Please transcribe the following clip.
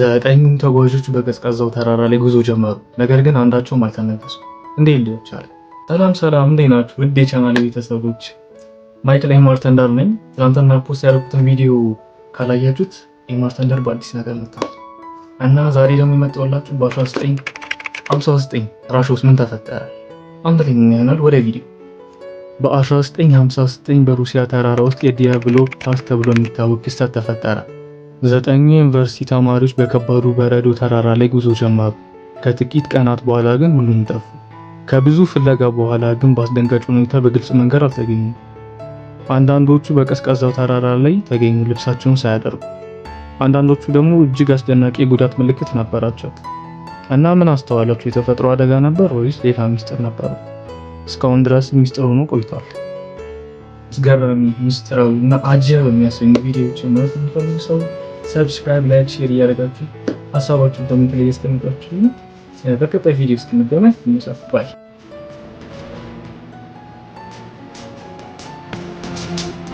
ዘጠኙም ተጓዦች በቀዝቃዛው ተራራ ላይ ጉዞ ጀመሩ። ነገር ግን አንዳቸውም አልተነፈሱም። እንዴ ሊሆን ቻለ? ሰላም ሰላም፣ እንዴ ናችሁ ውድ የቻናል ቤተሰቦች? ማይክል ኤማርተንደር ነኝ። ትናንትና ፖስት ያደረኩትን ቪዲዮ ካላያችሁት ኤማርተንደር በአዲስ ነገር መጥቷል እና ዛሬ ደግሞ የመጣሁላችሁ በ1959 ራሻ ውስጥ ምን ተፈጠረ አንተኛ ይሆናል። ወደ ቪዲዮ በ1959 በሩሲያ ተራራ ውስጥ የዲያብሎ ፓስ ተብሎ የሚታወቅ ክስተት ተፈጠረ። ዘጠኙ የዩኒቨርሲቲ ተማሪዎች በከባዱ በረዶ ተራራ ላይ ጉዞ ጀመሩ። ከጥቂት ቀናት በኋላ ግን ሁሉም ጠፉ። ከብዙ ፍለጋ በኋላ ግን በአስደንጋጭ ሁኔታ በግልጽ መንገድ አልተገኙም። አንዳንዶቹ በቀዝቃዛው ተራራ ላይ ተገኙ ልብሳቸውን ሳያደርጉ፣ አንዳንዶቹ ደግሞ እጅግ አስደናቂ የጉዳት ምልክት ነበራቸው። እና ምን አስተዋላችሁ? የተፈጥሮ አደጋ ነበር ወይስ ሌላ ሚስጥር ነበር እስካሁን ድረስ ሚስጥር ሆኖ ቆይቷል። አስገራሚ ሚስጥራዊና አጀብ የሚያሰኙ ቪዲዮዎችን ማለት ሰብስክራይብ፣ ላይክ፣ ሼር እያደረጋችሁ ሀሳባችሁን ኮሜንት ላይ ያስቀምጣችሁ። በቀጣይ ቪዲዮ እስክንገናኝ ባይ